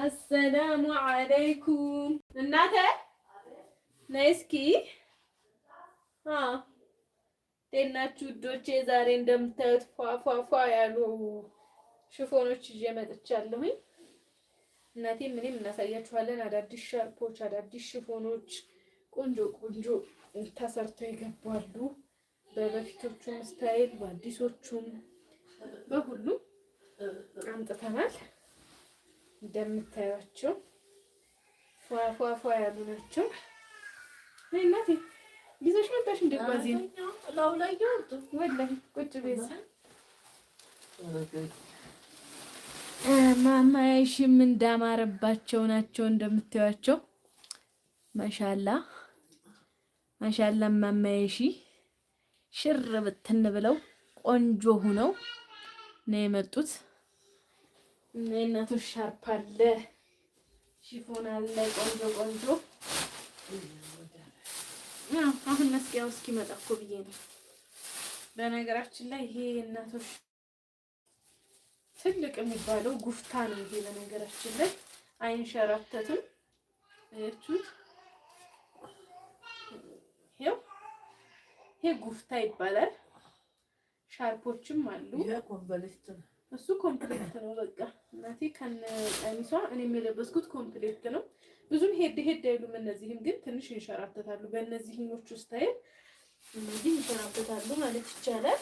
አሰላሙ አለይኩም እናተ ነይ እስኪ እንዴት ናችሁ ውዶቼ? ዛሬ እንደምታዩት ፏፏፏ ያሉ ሽፎኖች ይዤ መጥቻለሁኝ። እናቴም እኔም እናሳያችኋለን። አዳዲስ ሻርፖች፣ አዳዲስ ሽፎኖች ቆንጆ ቆንጆ ተሰርተው ይገባሉ። በበፊቶቹም ስታይል በአዲሶቹም በሁሉም አምጥተናል። እንደምታዩቸው ፏፏፏ ያሉ ናቸው። እናቴ ይዘሽ መጣሽ እንደጓዜ ወላሂ ቁጭ ቤዛ ማማያሽም እንዳማረባቸው ናቸው እንደምታዩቸው። ማሻላ ማሻላ ማማያሺ ሽር ብትን ብለው ቆንጆ ሁነው ነው የመጡት። እና የእናቶች ሻርፕ አለ፣ ሽፎን አለ፣ ቆንጆ ቆንጆ። አሁን መስቀያው እስኪመጣ እኮ ብዬ ነው። በነገራችን ላይ ይሄ የእናቶች ትልቅ የሚባለው ጉፍታ ነው። ይሄ በነገራችን ላይ አይንሸራተትም። አያችሁት? ይሄው ይሄ ጉፍታ ይባላል። ሻርፖችም አሉ። እሱ ኮምፕሌት ነው። በቃ እናቴ ከነ ቀሚሷ እኔም የለበስኩት ኮምፕሌት ነው። ብዙም ሄድ ሄድ አይሉም። እነዚህም ግን ትንሽ ይንሸራተታሉ። በእነዚህኞቹ ስታይል እነዚህ ይንሸራተታሉ ማለት ይቻላል።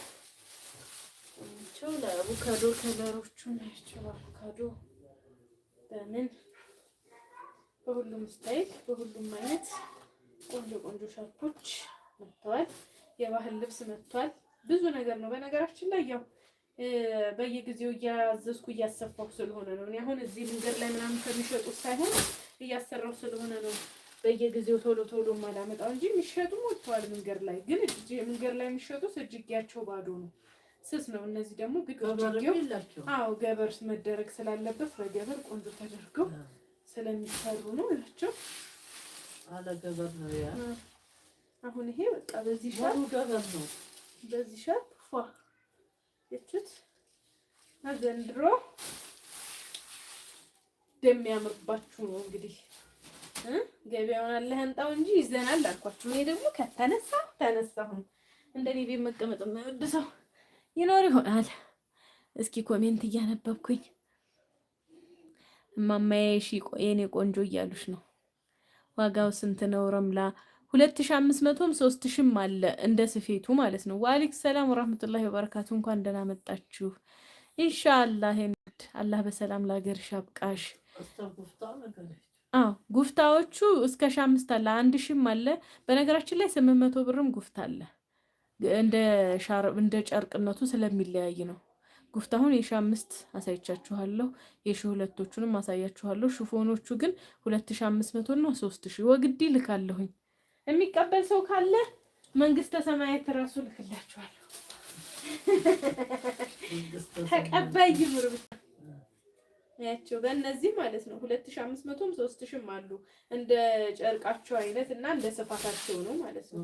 ቸው ለአቮካዶ ከለሮቹ ናቸው። አቮካዶ በምን በሁሉም ስታይል በሁሉም አይነት ቆንጆ ቆንጆ ሻርፖች መጥተዋል። የባህል ልብስ መጥቷል። ብዙ ነገር ነው በነገራችን ላይ ያው በየጊዜው እያዘዝኩ እያሰፋሁ ስለሆነ ነው። እኔ አሁን እዚህ መንገድ ላይ ምናምን ከሚሸጡት ሳይሆን እያሰራሁ ስለሆነ ነው በየጊዜው ቶሎ ቶሎ ማላመጣው እንጂ የሚሸጡ ሞልተዋል መንገድ ላይ ግን መንገድ ላይ የሚሸጡት እጅጌያቸው ባዶ ነው፣ ስስ ነው። እነዚህ ደግሞ አዎ ገበር መደረግ ስላለበት በገበር ቆንጆ ተደርገው ስለሚሰሩ ነው ያቸው ነው። አሁን ይሄ በቃ በዚህ ሻርፕ ገበር ነው በዚህ ሻርፕ የችት ዘንድሮ እንደሚያምርባችሁ ነው እንግዲህ ገበያውን አለህ አንጣው እንጂ ይዘናል አልኳችሁ። እኔ ደግሞ ከተነሳ ተነሳሁ። እንደኔ ቤት መቀመጥ የማይወድ ሰው ይኖር ይሆናል። እስኪ ኮሜንት እያነበብኩኝ እማማዬ ሺ የኔ ቆንጆ እያሉሽ ነው። ዋጋው ስንት ነው ረምላ? ሁለት ሺ አምስት መቶም ሶስት ሺም አለ እንደ ስፌቱ ማለት ነው። ወአለይኩም ሰላም ወራህመቱላሂ ወበረካቱ። እንኳን ደህና መጣችሁ። ኢንሻአላህ ሄምድ አላህ በሰላም ላገርሽ አብቃሽ። አዎ ጉፍታዎቹ እስከ ሺ አምስት አለ አንድ ሺም አለ። በነገራችን ላይ ስምንት መቶ ብርም ጉፍታ አለ እንደ እንደ ጨርቅነቱ ስለሚለያይ ነው። ጉፍታሁን የሺ አምስት አሳይቻችኋለሁ። የሺ ሁለቶቹንም አሳያችኋለሁ። ሽፎኖቹ ግን ሁለት ሺ አምስት መቶ እና ሶስት ሺ ወግዲ ልካለሁኝ የሚቀበል ሰው ካለ መንግስተ ሰማያት ራሱ ልክላችኋለሁ። ተቀባይ ይብር ያቸው በእነዚህ ማለት ነው። ሁለት ሺህ አምስት መቶም ሦስት ሺህም አሉ እንደ ጨርቃቸው አይነት እና እንደ ስፋታቸው ነው ማለት ነው።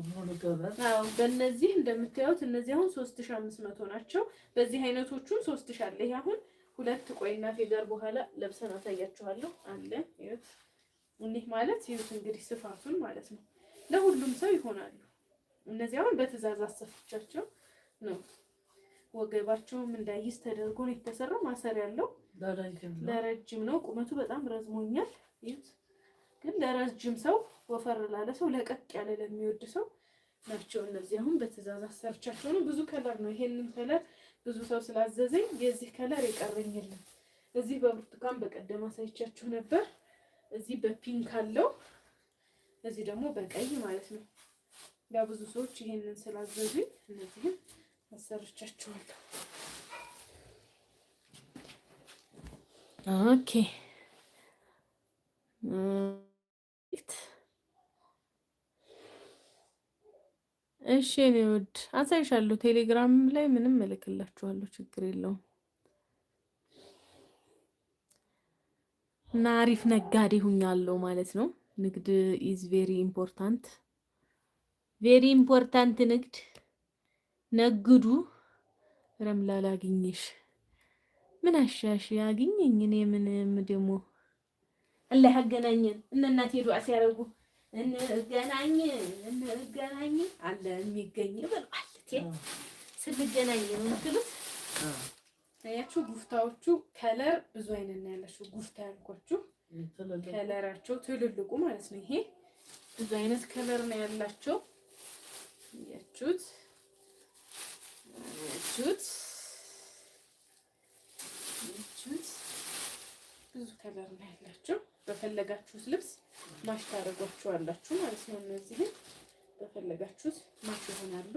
አዎ በእነዚህ እንደምታዩት እነዚህ አሁን ሦስት ሺህ አምስት መቶ ናቸው። በዚህ አይነቶቹም ሦስት ሺህ አለ። ይሄ አሁን ሁለት ቆይና ፊገር በኋላ ለብሰን አሳያችኋለሁ አለ። ይሁት እኒህ ማለት ይሁት እንግዲህ ስፋቱን ማለት ነው። ለሁሉም ሰው ይሆናሉ። እነዚህ አሁን በትዕዛዝ አሰፍቻቸው ነው። ወገባቸውም እንዳይዝ ተደርጎ ነው የተሰራው። ማሰር ያለው ለረጅም ነው። ቁመቱ በጣም ረዝሞኛል። ይህ ግን ለረጅም ሰው፣ ወፈር ላለ ሰው፣ ለቀቅ ያለ ለሚወድ ሰው ናቸው። እነዚህ አሁን በትዕዛዝ አሰርቻቸው ነው። ብዙ ከለር ነው። ይሄንን ከለር ብዙ ሰው ስላዘዘኝ የዚህ ከለር የቀረኝ የለም። እዚህ በብርቱካን በቀደም አሳይቻችሁ ነበር። እዚህ በፒንክ አለው። እዚህ ደግሞ በቀይ ማለት ነው። ያ ብዙ ሰዎች ይሄንን ስላዘዙኝ እነዚህም አሰርቻቸዋለሁ። ኦኬ እሺ፣ እኔ ውድ አሳይሻለሁ። ቴሌግራም ላይ ምንም እልክላችኋለሁ፣ ችግር የለውም። እና አሪፍ ነጋዴ ሁኛለሁ ማለት ነው። ንግድ ኢዝ ቬሪ ኢምፖርታንት ቬሪ ኢምፖርታንት ንግድ ነግዱ ረምላል ላግኝሽ ምን አሻሽ ያግኘኝ እኔ ምንም ደግሞ አላህ ያገናኘን እነ እናቴ ዱዓ ሲያደርጉ እንገናኝ እንገናኝ አለ የሚገኝ በልባለት ስንገናኝ ነው የምትሉት ያችሁ ጉፍታዎቹ ከለር ብዙ አይነት ነው ያላችሁ ጉፍታ ያልኳችሁ ከለራቸው ትልልቁ ማለት ነው። ይሄ ብዙ አይነት ከለር ነው ያላቸው። ያችሁት ያችሁት ያችሁት ብዙ ከለር ነው ያላቸው። በፈለጋችሁት ልብስ ማሽ ታደርጓቸዋላችሁ ማለት ነው። እነዚህን በፈለጋችሁት ማሽ ይሆናሉ።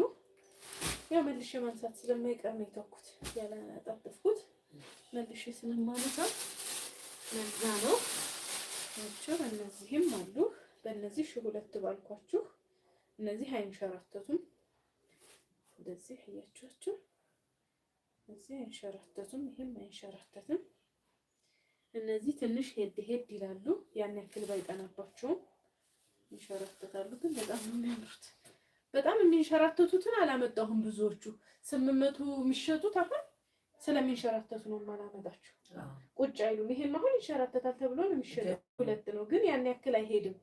ያው መልሼ ማንሳት ስለማይቀር ነው የተኩት ያላጠፍኩት መልሼ ስለማነሳ ለዛ ነው። ናቸው። እነዚህም አሉ። በእነዚህ ሺህ ሁለት ባልኳችሁ እነዚህ አይንሸራተቱም። እንደዚህ እያችኋቸው እዚህ አይንሸራተቱም፣ ይህም አይንሸራተትም። እነዚህ ትንሽ ሄድ ሄድ ይላሉ። ያን ያክል ባይጠናባቸውም ይንሸራተታሉ። ግን በጣም ነው የሚያምሩት። በጣም የሚንሸራተቱትን አላመጣሁም። ብዙዎቹ ስምንት መቶ የሚሸጡት አሁን ስለሚንሸራተቱ ነው ማላመጣችሁ። ቁጭ አይሉም። ይሄም አሁን ይንሸራተታል ተብሎ ነው የሚሸጠው፣ ሁለት ነው ግን ያን ያክል አይሄድም።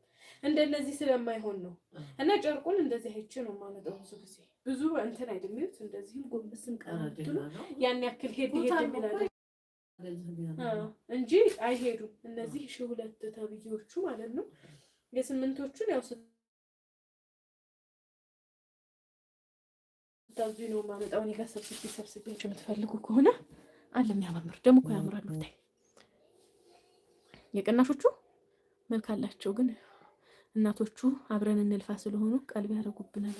እንደነዚህ ስለማይሆን ነው እና ጨርቁን እንደዚህ አይቼ ነው የማመጣው። ብዙ ጊዜ ብዙ እንትን አይደለም ይሉት እንደዚህም ጎንበስም ቀረዱ ያን ያክል ሄድ ሄድ የሚላለ እንጂ አይሄዱም። እነዚህ ሺህ ሁለት ተብዬዎቹ ማለት ነው የስምንቶቹን ያው እንደዚህ ነው የማመጣው። እኔ ጋር ሰብስቤ ሰብስቤያቸው የምትፈልጉ ከሆነ አለ የሚያማምር ደግሞ እኮ ያምራሉ። ታይ የቅናሾቹ መልክ አላቸው፣ ግን እናቶቹ አብረን እንልፋ ስለሆኑ ቀልብ ያደርጉብናል።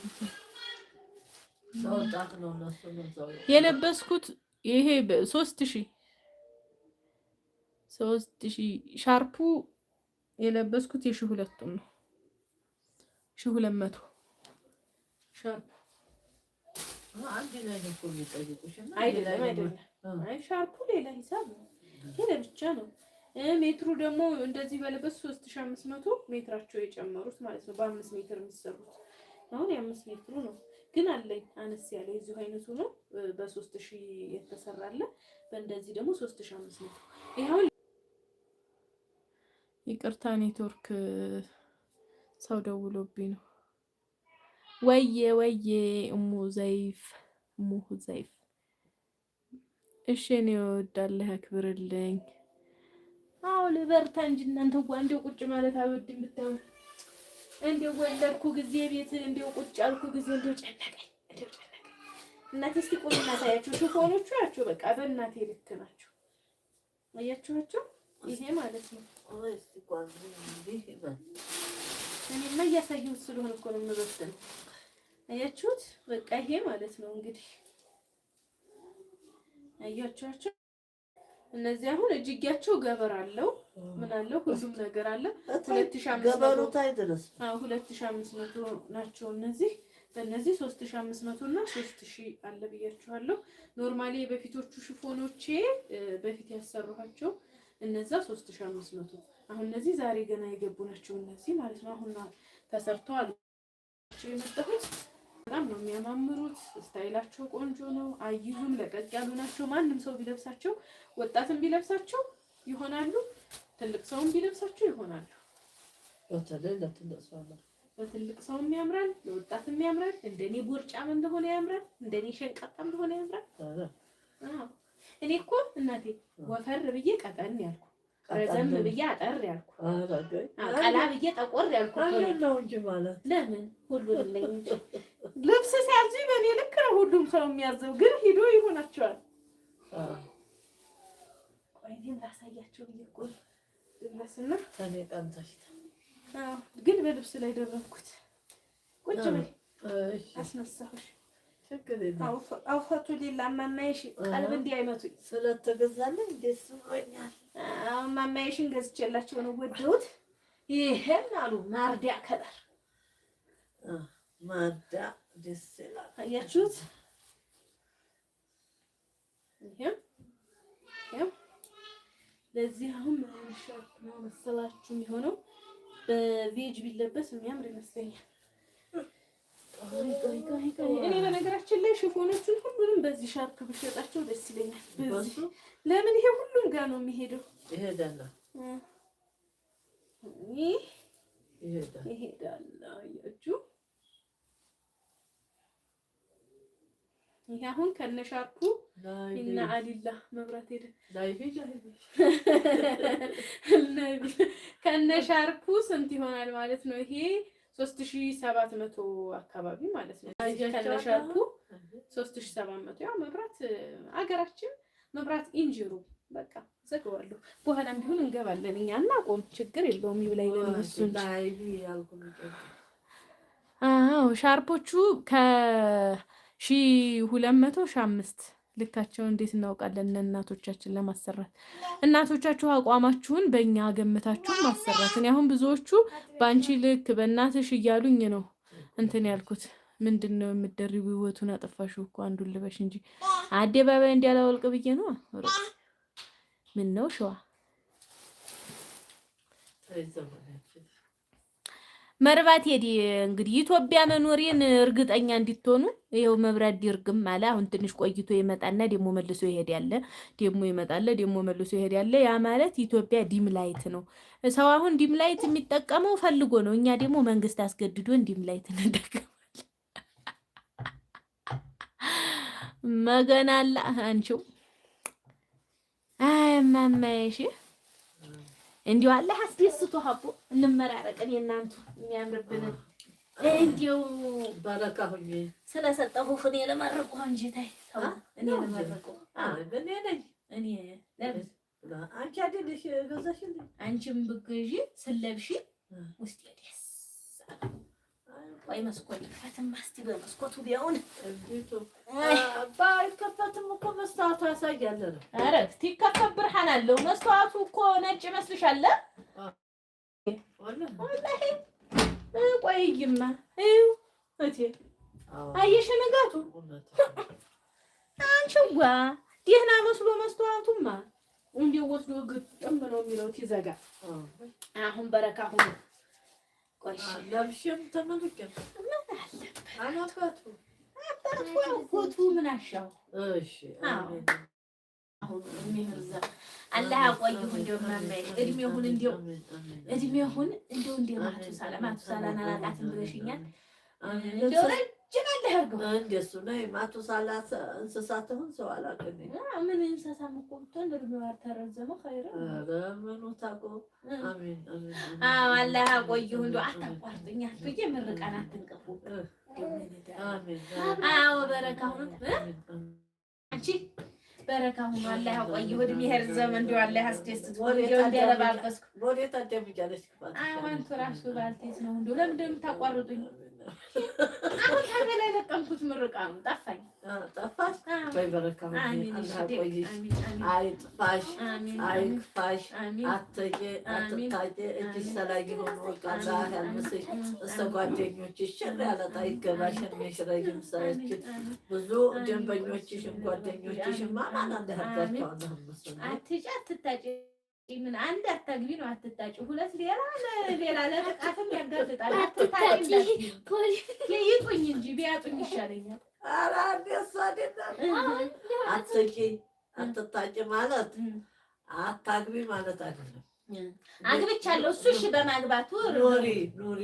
የለበስኩት ይሄ ሶስት ሺህ ሶስት ሺህ ሻርፑ የለበስኩት የሺህ ሁለቱም ነው ሺህ ሁለት መቶ ሻርፑ አይደለም ሻርፑ ሌላ ሂሳብ ነው፣ ይሄ ነው። ሜትሩ ደግሞ እንደዚህ በለበት ሶስት ሺ አምስት መቶ ሜትራቸው የጨመሩት ማለት ነው። በአምስት ሜትር የሚሰሩት አሁን የአምስት ሜትሩ ነው ግን አለኝ አነስ ያለ የዚሁ አይነቱ ነው። በሶስት በእንደዚህ ደግሞ ሶስት አምስት መቶ ይቅርታ ኔትወርክ ሰው ደውሎብኝ ነው። ወዬ ወዬ እሙ ዘይፍ እሙ ዘይፍ እሺ እኔ እወዳለሁ፣ አክብርልኝ። አዎ ልበርታ እንጂ እናንተ እንደው ቁጭ ማለት አልወድም። ብታው እንደው ወለድኩ ጊዜ ቤት እንደው ቁጭ አልኩ ጊዜ እንደው ጨነቀኝ፣ እንደው እናቴ እስኪ ቁምና ታያችሁ፣ ሽፎኖቹ በቃ በእናቴ ልክ ናችሁ። አያችኋቸው? ይሄ ማለት ነው እኔማ እያሳየሁት ስለሆነ እኮ ነው የምበትን። አያችሁት? በቃ ይሄ ማለት ነው እንግዲህ አያችኋቸው። እነዚህ አሁን እጅጌያቸው ገበር አለው ምን አለው ሁሉም ነገር አለ። ሁለት ሺህ አምስት መቶ ናቸው እነዚህ። በእነዚህ 3500 እና 3000 ሺህ አለ ብያችኋለሁ። ኖርማሊ በፊቶቹ ሽፎኖቼ በፊት ያሰራኋቸው እነዛ ሶስት አሁን እነዚህ ዛሬ ገና የገቡ ናቸው። እነዚህ ማለት ነው አሁን ተሰርተዋል የመጣሁት በጣም ነው የሚያማምሩት። ስታይላቸው ቆንጆ ነው። አይዙም ለቀቅ ያሉ ናቸው። ማንም ሰው ቢለብሳቸው ወጣትም ቢለብሳቸው ይሆናሉ። ትልቅ ሰውም ቢለብሳቸው ይሆናሉ። ለትልቅ ሰውም ያምራል፣ ለወጣትም ያምራል። እንደኔ ቦርጫም እንደሆነ ያምራል፣ እንደኔ ሸንቀጣም እንደሆነ ያምራል። እኔ እኮ እናቴ ወፈር ብዬ ቀጠን ያልኩ ረዘም ብዬ አጠር ያልኩ ቀላ ብዬ ጠቆር ያልኩ ነው እንጂ ማለት ለምን ሁሉ ልብስ ሲያዙ በእኔ ልክ ነው ሁሉም ሰው የሚያዘው፣ ግን ሂዶ ይሆናቸዋል። ቆይም ላሳያቸው ብዬ ግን በልብስ ላይ ደረብኩት። ቁጭ በይ አስነሳሁሽ። አልሐምዱሊላህ እማማዬሽ ቀልብ እንዲህ አይመቱኝ ስለተገዛልኝ ደስ ብሎኛል። እማማዬሽን ገዝቼላቸው ነው ወደውት ይሄን አሉ ማርዲያ ከለር ማርዳ ደስ ይላል። አያችሁት? ለዚህ አሁን መሰላችሁ የሚሆነው በቬጅ ቢለበስ የሚያምር ይመስለኛል። እኔ በነገራችን ላይ ሽፎኖቹን ሁሉንም በዚህ ሻርፕ ብሸጣቸው ደስ ይለኛል። በዚህ ለምን ይሄ ሁሉም ጋር ነው የሚሄደው? ይሄዳል ይሄዳል። ይሄ አሁን ከነ ሻርፑ አሊላ መብራት ሄደ ከነ ሻርፑ ስንት ይሆናል ማለት ነው ይሄ ሶስት ሺ ሰባት መቶ አካባቢ ማለት ነው። ከነሻቱ ሶስት ሺ ሰባት መቶ ያው መብራት አገራችን መብራት ኢንጂሩ በቃ ዘግዋለሁ። በኋላም ቢሆን እንገባለን እኛ እና ቆም ችግር የለውም ይብላይ ለነሱን አዎ ሻርፖቹ ከሺ ሁለት መቶ ሺ አምስት ልካቸው እንዴት እናውቃለን? ለእናቶቻችን ለማሰራት እናቶቻችሁ አቋማችሁን በእኛ ገምታችሁ ማሰራት። እኔ አሁን ብዙዎቹ በአንቺ ልክ በእናትሽ እያሉኝ ነው እንትን ያልኩት። ምንድን ነው የምደርቡ? ህይወቱን አጠፋሽ እኮ አንዱን ልበሽ እንጂ አደባባይ እንዲያላወልቅ ብዬ ነው። ምን ነው ሸዋ መርባት ሄዲ እንግዲህ ኢትዮጵያ መኖሬን እርግጠኛ እንድትሆኑ ይኸው መብራት ዲርግም አለ። አሁን ትንሽ ቆይቶ ይመጣና ደግሞ መልሶ ይሄድ ያለ ደግሞ ይመጣለ ደግሞ መልሶ ይሄድ ያለ። ያ ማለት ኢትዮጵያ ዲም ላይት ነው። ሰው አሁን ዲም ላይት የሚጠቀመው ፈልጎ ነው። እኛ ደግሞ መንግስት አስገድዶን ዲም ላይት እንጠቀማለን። መገናላ አንቺው አይ ማማዬ እንዲው አለ አስደስቶ ሀቦ እንመራረቅን የእናንቱ የሚያምርብን እንዲው ባረካ ሁኝ ስለሰጠሁ እኔ ለማረቁ እንጂ ታይ እኔ ለማረቁ እኔ ነኝ እኔ ለምን አንቺ አይደለሽ ገዛሽ? አንቺም ብግዢ ስለብሽ ውስጥ ደስ ወይ መስኮት ይከፈትም እስቲ በመስኮቱ ቢሆን ባይከፈትም እኮ መስታወቱ ያሳያል። ኧረ ይከፈት ብርሃን አለው መስታወቱ እኮ ነጭ ይመስልሻል? ወላሂ ቆይማ ይኸው እቴ አየሽ ንጋቱ አንቺዋ ደህና መስሎ መስታወቱማ እንዲህ ግጥም ነው የሚለው ይዘጋ አሁን በረካ ሁኑ ለብሽም ተመልከም አባቱ ምን አሻው አላህ አቆይሁ። እንደው ማማዬ እድሜውን እንደው እድሜውን እንደው እንደው ማቱሳላ ማቱሳላ አላቃትም ብለሽኛል። ያርገው እንደሱ ነው። የማቱሳላ እንስሳት ሆን ሰው አላውቅም። ምን እንስሳ እኮ ብትሆን እድሜዋ ተረዘመ። ኸይረ ምኑ ታቆ አሚን አሜን። አላህ አቆይህ። እንደው አታቋርጡኝ ብዬ ምርቃን አትንቅፉ። አዎ በረካ ሁኑ። አንቺ በረካ ሁኑ። አላህ አቆይህ። እድሜ ይርዘም። እንደው አላህ አስደስት። እንደለባበስኩ አሁን እራሱ ባልቴት ነው። እንደው ለምንድን ነው የምታቋርጡኝ? የተጠቀምኩት ምርቃኑ ጠፋኝ። ጠፋሽ ወይ በረካ አይ ጥፋሽ፣ አይ ክፋሽ፣ አትቄ ሰላጊ ሆኖ ቃላ ያልምስሽ እስከ ጓደኞችሽ ሽር ያለጣ ይገባሽ የሚሽረይም ሰችን ብዙ ደንበኞችሽም ጓደኞችሽም ማማን አንዳህርጋቸዋለሁ ምስሉ አትጫ አትታጭ ምን አንድ አታግቢ ነው አትታጭ፣ ሁለት ሌላ ሌላ ለጥቃትም ያጋልጣል። አትታጭ ይጡኝ እንጂ ቢያጡኝ ይሻለኛል። ኧረ እንደሱ አይደለም። አትታጭ ማለት አታግቢ ማለት አይደለም። አግብቻለሁ እሱ እሺ፣ በማግባቱ ኖሪ ኖሪ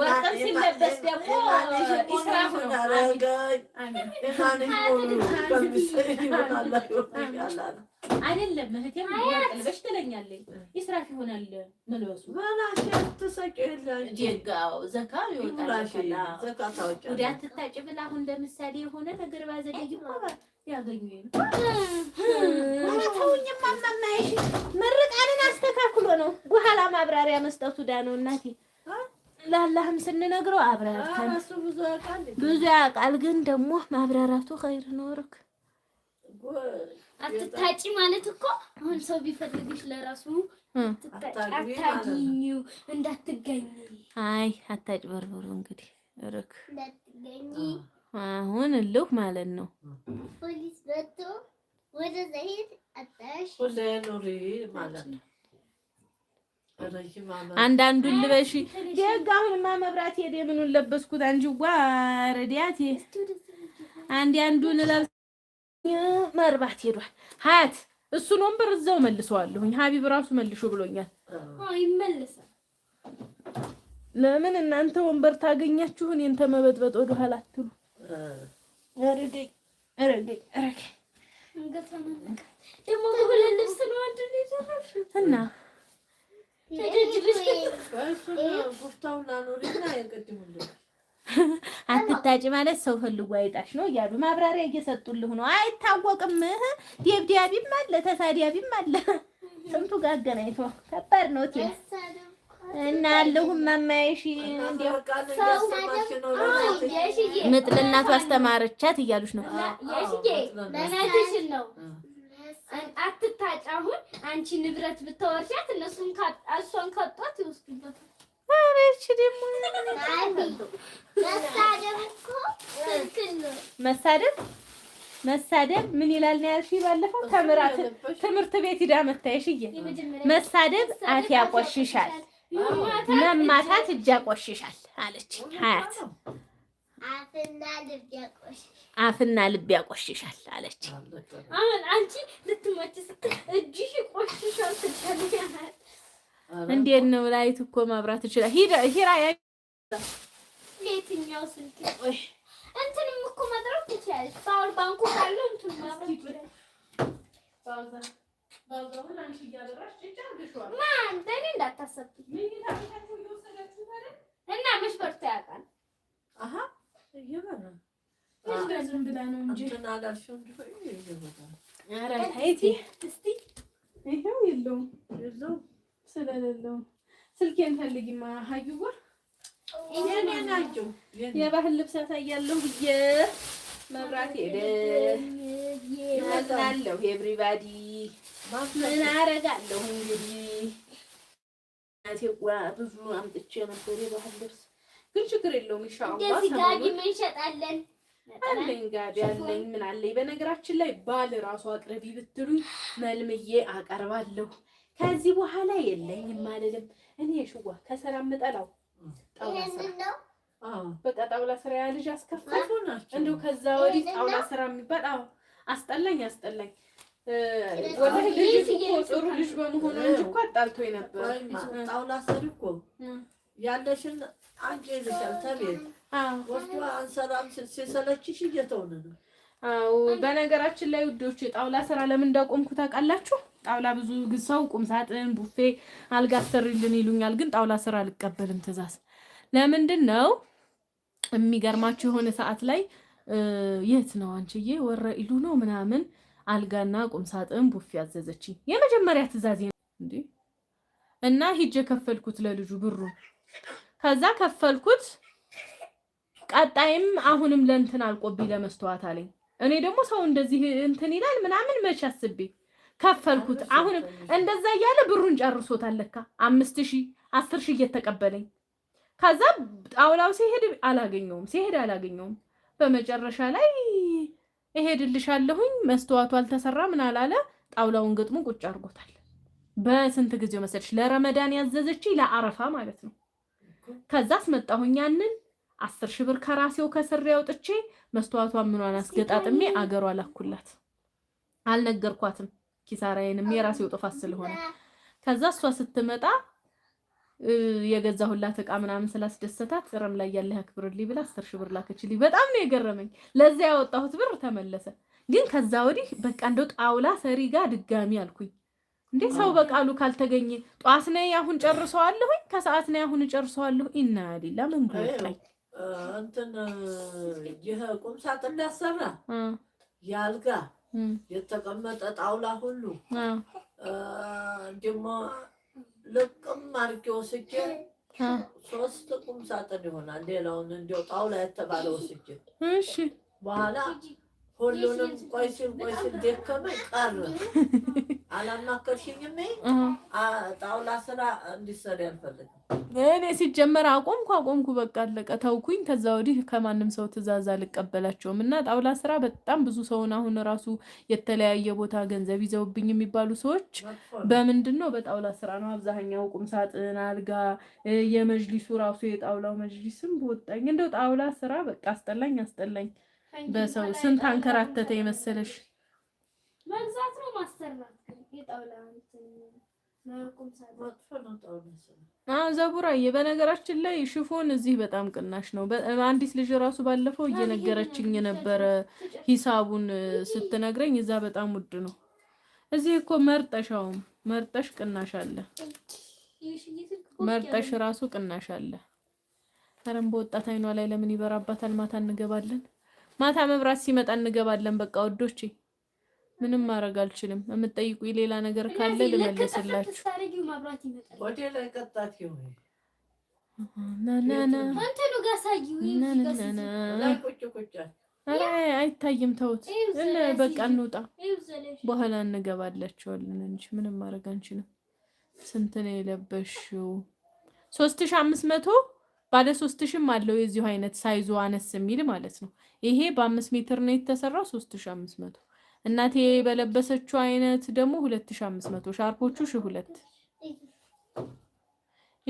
ወርቅም ሲለበስ ደግሞ ኢስራፍ ነው። አይደለም እህቴ ወርቅ ትለኛለች። ኢስራፍ ይሆናል መልበሱ። ዘካ ይወጣል። ትታጭ ብላ አሁን ለምሳሌ የሆነ ነገር ባዘገይ ያገኙኝ መርቃንን አስተካክሎ ነው በኋላ ማብራሪያ መስጠቱ ዳ ነው እናቴ ለአላህም ስንነግረው አብራርተን ብዙ ያውቃል፣ ግን ደግሞ ማብራራቱ ኸይር ነው። እርክ አትታጪ ማለት እኮ አሁን ሰው ቢፈልግሽ ለራሱ አታጊኙ እንዳትገኝ። አይ አታጭ በርበሩ እንግዲህ ርክ አሁን እልህ ማለት ነው። ፖሊስ ወጥቶ ወደ ዘሄድ አጣሽ ሁሌ ኑሪ ማለት ነው። አንዳንዱን ልበሽ ደግ። አሁንማ መብራት ሄደ። ምኑን ለበስኩት? አንጂዋ ረዲያት አንድ አንዱን ለብስ መርባት ሄዷል። ሀያት እሱን ወንበር እዛው መልሰዋለሁኝ። ሀቢብ ራሱ መልሾ ብሎኛል። ለምን እናንተ ወንበር ታገኛችሁን እኔን ተመበጥበጥ ወደ ኋላ አትሉ። እና አትታጭ ማለት ሰው ፈልጎ አይጣሽ ነው እያሉ ማብራሪያ እየሰጡልህ ነው። አይታወቅም። ደብዳቤም አለ፣ ተሳዳቢም አለ። ስንቱ ጋር አገናኝቶ ከባድ ነው። ቴ እና አለሁም ምጥልናቱ አስተማረቻት እያሉሽ ነው። አትታጭ። አሁን አንቺ ንብረት ብታወርሻት እነሱን እሷን ካጧት ይወስዱበታል። ኧረ ደግሞ መሳደብ መሳደብ ምን ይላል ነው ያልሽኝ? ባለፈው ተምራት ትምህርት ቤት ሂዳ መታየሽዬ መሳደብ አፍ ያቆሽሻል፣ መማታት እጅ ያቆሽሻል አለችኝ ሀያት አፍና ልብ ያቆሽሻል አለች። አሁን አንቺ ልትመጪ ስትል እጅሽ ቆሽሻል ትቻል እንዴት ነው ላይት እኮ ማብራት ይችላል። ሂራ የትኛው ስልክ ቆሽ እንትንም እኮ ማድረግ ትችላለች። ፓወር ባንኩ ካለ እንትን ማብራት ይችላል። ማን በእኔ እንዳታሰብት እና መሽፈርታ ያውቃል ዝም ብላ ነው እንጂ ይኸው የለውም ስለሌለውም ስልኬን ፈልጊማ ሀዩዋ የባህል ልብስ ያሳያለሁ ብዬ መብራት ሄደ። ይመዝናለሁ ኤብሪባዲ ምን አደርጋለሁ እንግዲህ ብዙ አምጥቼ ነበር የባህል ልብስ ግን ችግር የለውም። ይሻ ጋዲ ምን እንሸጣለን አለኝ ጋቢ አለኝ ምን አለኝ። በነገራችን ላይ ባል ራሱ አቅርቢ ብትሉኝ መልምዬ አቀርባለሁ። ከዚህ በኋላ የለኝም አልልም። እኔ የሽዋ ከስራ የምጠላው በቃ ጣውላ ስራ ያ ልጅ አስከፋቱ ናቸው። እንደው ከዛ ወዲህ ጣውላ ስራ የሚባል አዎ አስጠላኝ አስጠላኝ። ወላሂ ልጅ እኮ ጥሩ ልጅ በመሆኑ እንጂ እኮ አጣልቶ ነበር። ጣውላ ስር እኮ ያለሽን አንቺ ይልሻል ተቤት አዎ በነገራችን ላይ ውዶች ጣውላ ስራ ለምን እንዳቆምኩ ታውቃላችሁ? ጣውላ ብዙ ሰው ቁም ሳጥን፣ ቡፌ፣ አልጋ አሰሪልን ይሉኛል። ግን ጣውላ ስራ አልቀበልም ትእዛዝ። ለምንድን ነው የሚገርማችሁ? የሆነ ሰዓት ላይ የት ነው አንቺዬ ወረ ኢሉ ነው ምናምን አልጋና ቁም ሳጥን ቡፌ አዘዘች የመጀመሪያ ትእዛዜ እንዴ እና ሂጅ የከፈልኩት ለልጁ ብሩ ከዛ ከፈልኩት ቀጣይም አሁንም ለእንትን አልቆብኝ ለመስተዋት አለኝ። እኔ ደግሞ ሰው እንደዚህ እንትን ይላል ምናምን መች አስቤ ከፈልኩት። አሁንም እንደዛ እያለ ብሩን ጨርሶታል ለካ አምስት ሺህ አስር ሺህ እየተቀበለኝ ከዛ ጣውላው ሲሄድ አላገኘውም፣ ሲሄድ አላገኘውም። በመጨረሻ ላይ እሄድልሻለሁኝ መስተዋቱ አልተሰራ ምን አላለ ጣውላውን ገጥሞ ቁጭ አድርጎታል። በስንት ጊዜው መሰለሽ ለረመዳን ያዘዘች ለአረፋ ማለት ነው። ከዛ አስመጣሁኝ ያንን አስር ሺህ ብር ከራሴው ከስር ያውጥቼ መስተዋቷን ምኗን አስገጣጥሜ አገሯ ላኩላት። አልነገርኳትም ኪሳራዬንም የራሴው ጥፋት ስለሆነ ከዛ እሷ ስትመጣ የገዛ ሁላት ዕቃ ምናምን ስላስደሰታት ጥረም ላይ ያለ አክብርልኝ ብላ አስር ሺህ ብር ላከችልኝ። በጣም ነው የገረመኝ። ለዚያ ያወጣሁት ብር ተመለሰ። ግን ከዛ ወዲህ በቃ እንደው ጣውላ ሰሪ ጋር ድጋሚ አልኩኝ። እንዴ ሰው በቃሉ ካልተገኘ ጠዋት ነይ አሁን ጨርሰዋለሁኝ፣ ከሰዓት ነይ አሁን ጨርሰዋለሁ። ኢና ሊላ ምን እንትን ይህ ቁም ሳጥን እንዳሰራ ያልጋ የተቀመጠ ጣውላ ሁሉ ደግሞ ልቅም አድርጌ ወስጄ ሶስት ቁም ሳጥን ይሆናል። ሌላውን እንዲያው ጣውላ የተባለ ወስጄ በኋላ ሁሉንም ቆይ ሲል ቆይ ሲል ደከመኝ ቀረ። አላናከርሽኝም። ጣውላ ስራ እኔ ሲጀመር አቆምኩ አቆምኩ፣ በቃ አለቀ፣ ተውኩኝ። ከዛ ወዲህ ከማንም ሰው ትዕዛዝ አልቀበላቸውም። እና ጣውላ ስራ በጣም ብዙ ሰውን አሁን ራሱ የተለያየ ቦታ ገንዘብ ይዘውብኝ የሚባሉ ሰዎች በምንድን ነው? በጣውላ ስራ ነው። አብዛኛው ቁም ሳጥን፣ አልጋ፣ የመጅሊሱ ራሱ የጣውላው መጅሊስም በወጣኝ። እንደው ጣውላ ስራ በቃ አስጠላኝ አስጠላኝ። በሰው ስንት አንከራተተ የመሰለሽ መግዛት ነው ማሰራት ዘቡራዬ በነገራችን ላይ ሽፎን እዚህ በጣም ቅናሽ ነው። አንዲት ልጅ ራሱ ባለፈው እየነገረችኝ የነበረ ሂሳቡን ስትነግረኝ እዛ በጣም ውድ ነው። እዚህ እኮ መርጠሻውም መርጠሽ ቅናሽ አለ። መርጠሽ ራሱ ቅናሽ አለ። አረም በወጣት አይኗ ላይ ለምን ይበራባታል? ማታ እንገባለን። ማታ መብራት ሲመጣ እንገባለን። በቃ ወዶቼ ምንም ማድረግ አልችልም። የምትጠይቁ ሌላ ነገር ካለ ልመለስላችሁ። አይታይም፣ ተውት። በቃ እንውጣ፣ በኋላ እንገባላቸዋለን እንጂ ምንም ማድረግ አንችልም። ስንት ነው የለበሽው? ሶስት ሺ አምስት መቶ ባለ ሶስት ሺም አለው የዚሁ አይነት ሳይዙ አነስ የሚል ማለት ነው። ይሄ በአምስት ሜትር ነው የተሰራው ሶስት ሺ አምስት መቶ እናቴ በለበሰችው አይነት ደግሞ 2500 ሻርፖቹ ሁለት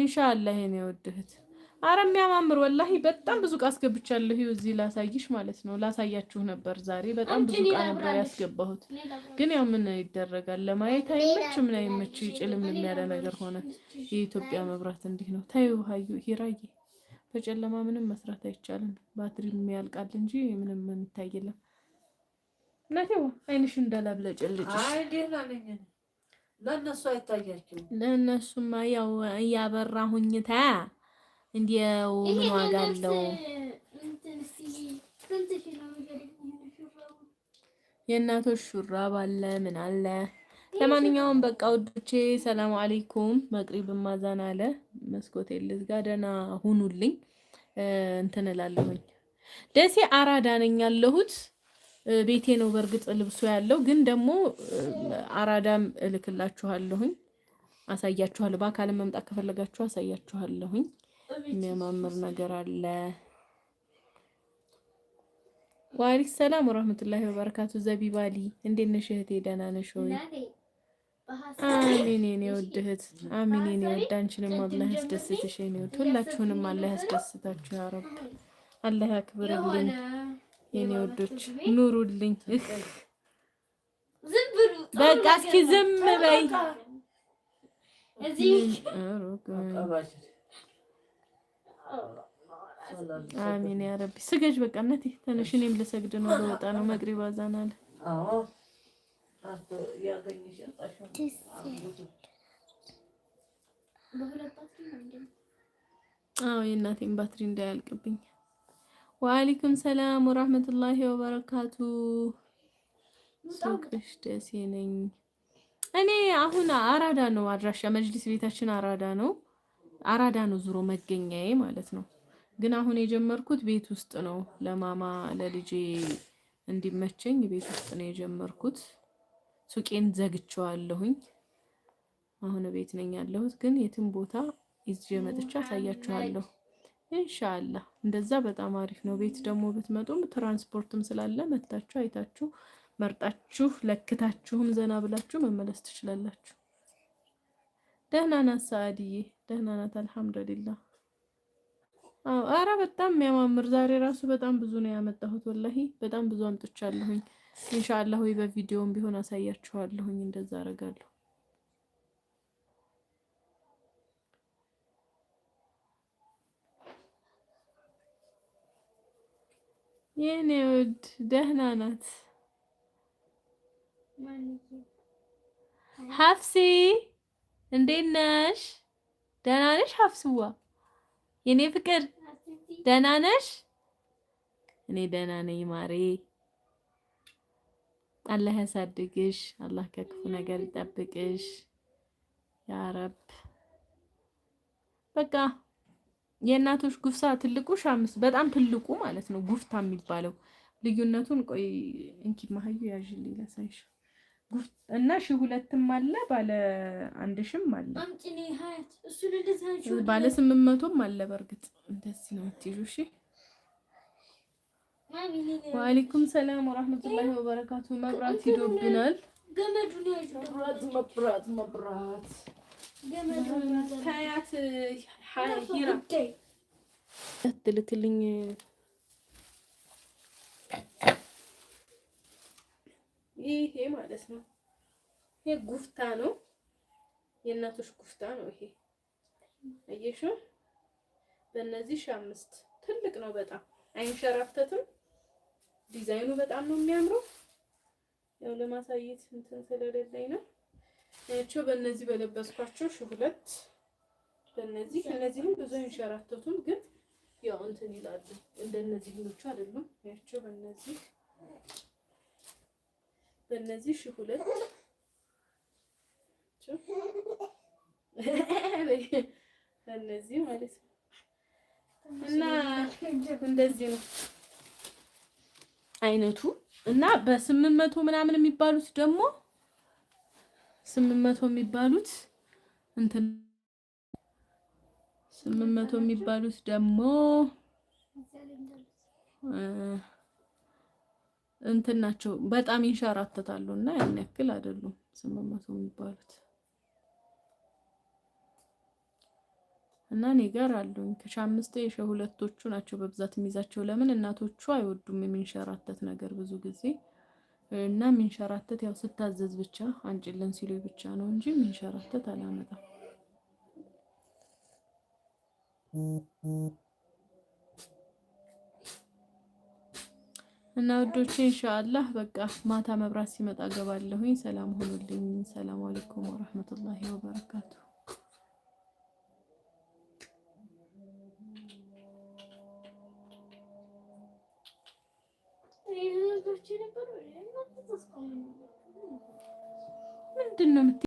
ኢንሻአላህ የኔ ውድ እህት። አረ የሚያማምር ወላሂ በጣም ብዙ እቃ አስገብቻለሁ። ይኸው እዚህ ላሳይሽ ማለት ነው። ላሳያችሁ ነበር ዛሬ በጣም ብዙ እቃ ነበር ያስገባሁት፣ ግን ያው ምን ይደረጋል ለማየት አይመች ምን አይመች ጭልም የሚያለ ነገር ሆነ። የኢትዮጵያ መብራት እንዲህ ነው። ታዩ ሀዩ ሂራዬ፣ በጨለማ ምንም መስራት አይቻልም። ባትሪ የሚያልቃል እንጂ ምንም የምታይ እናቴ አይንሽ እንዳላብለጭልጭ ለእነሱ አይታያችም። ለእነሱማ ያው እያበራሁኝታ እንዲያው ምን ዋጋ አለው? የእናቶች ሹራብ አለ ምን አለ። ለማንኛውም በቃ ውዶቼ ሰላም አለይኩም። መቅሪብ ማዛን አለ መስኮቴ ልዝጋ። ደህና ሁኑልኝ። እንትን እላለሁኝ። ደሴ አራዳ ነኝ ያለሁት ቤቴ ነው በእርግጥ ልብሱ ያለው፣ ግን ደግሞ አራዳም እልክላችኋለሁኝ፣ አሳያችኋለሁ። በአካልም መምጣት ከፈለጋችሁ አሳያችኋለሁኝ። የሚያማምር ነገር አለ። ዋሊክ ሰላም ወራህመቱላሂ ወበረካቱ። ዘቢባሊ እንዴት ነሽ እህቴ? ደህና ነሽ ወይ? አሚን የኔ ውድ እህት፣ አሚን የኔ ውድ። አንቺንም አላህ ያስደስትሽ የኔ ውድ። ሁላችሁንም አላህ ያስደስታችሁ። ያ አላህ ያክብርልኝ። የኔ ወዶች ኑሩልኝ። በቃ እስኪ ዝም በይ። አሚን ያ ረቢ። ስገጅ በቃ እናቴ ተነሽ፣ እኔም ልሰግድ ነው። ለወጣ ነው መቅሪብ አዛን አለ። አዎ የእናቴን ባትሪ እንዳያልቅብኝ ወአለይኩም ሰላም ወራህመቱላሂ ወበረካቱ። ሱቅሽ ደሴ ነኝ እኔ አሁን አራዳ ነው አድራሻ መጅሊስ ቤታችን አራዳ ነው። አራዳ ነው ዙሮ መገኛዬ ማለት ነው። ግን አሁን የጀመርኩት ቤት ውስጥ ነው። ለማማ ለልጄ እንዲመቸኝ ቤት ውስጥ ነው የጀመርኩት። ሱቄን ዘግቼዋለሁኝ። አሁን ቤት ነኝ ያለሁት፣ ግን የትም ቦታ ይዤ መጥቼ አሳያችኋለሁ። እንሻላ እንደዛ በጣም አሪፍ ነው። ቤት ደግሞ ብትመጡም ትራንስፖርትም ስላለ መታችሁ አይታችሁ መርጣችሁ ለክታችሁም ዘና ብላችሁ መመለስ ትችላላችሁ። ደህና ናት ሰአድዬ፣ ደህና ናት አልሐምዱሊላህ። አረ በጣም የሚያማምር ዛሬ ራሱ በጣም ብዙ ነው ያመጣሁት። ወላሂ በጣም ብዙ አምጥቻለሁኝ። ኢንሻአላ ሆይ በቪዲዮም ቢሆን አሳያችኋለሁኝ። እንደዛ አረጋለሁ። يعني ود دهنانات حفسي انديناش دهنانش حفسوا يعني فكر دهنانش اني دهناني ماري الله يصدقش الله ككفو نقل يطبقش يا رب بقى የእናቶች ጉፍሳ ትልቁ ሺህ አምስት በጣም ትልቁ ማለት ነው ጉፍታ የሚባለው ልዩነቱን ቆይ እንኪ ማህዩ ያዥ ላሳይሽ እና ሺ ሁለትም አለ ባለ አንድ ሽም አለ ባለ ስምንት መቶም አለ በእርግጥ እንደዚህ ነው ትይዙ። እሺ ወአለይኩም ሰላም ወራህመቱላሂ ወበረካቱ መብራት ሂዶብናል መብራት መብራት መብራት ታያት ትልክልኝ ይሄ ማለት ነው። ይሄ ጉፍታ ነው፣ የእናቶች ጉፍታ ነው። ይሄ በእነዚህ ሺህ አምስት ትልቅ ነው በጣም አይንሸራተትም። ዲዛይኑ በጣም ነው የሚያምረው። ያው ለማሳየት እንትን ስለሌለኝ ነው። ናቸው። በእነዚህ በለበስኳቸው ሺ ሁለት በእነዚህ እነዚህም ብዙ አይንሸራተቱም፣ ግን ያው እንትን ይላሉ። እንደነዚህ ኖቹ አይደሉም ናቸው። በእነዚህ በእነዚህ ሺ ሁለት በእነዚህ ማለት ነው እና እንደዚህ ነው አይነቱ እና በስምንት መቶ ምናምን የሚባሉት ደግሞ ስምንት መቶ የሚባሉት እንትን ስምንት መቶ የሚባሉት ደግሞ እንትን ናቸው። በጣም ይንሸራተታሉ እና ያን ያክል አይደሉም። ስምንት መቶ የሚባሉት እና እኔ ጋር አሉኝ ከሺህ አምስት የሺህ ሁለቶቹ ናቸው በብዛት የሚይዛቸው። ለምን እናቶቹ አይወዱም የሚንሸራተት ነገር ብዙ ጊዜ እና ሚንሸራተት ያው ስታዘዝ ብቻ አንጭልን ሲሉ ብቻ ነው እንጂ ሚንሸራተት አላመጣም። እና ውዶቼ ኢንሻአላህ በቃ ማታ መብራት ሲመጣ ገባለሁኝ። ሰላም ሁኑልኝ። ሰላም አለይኩም ወራህመቱላሂ ወበረካቱ ምንድን ነው?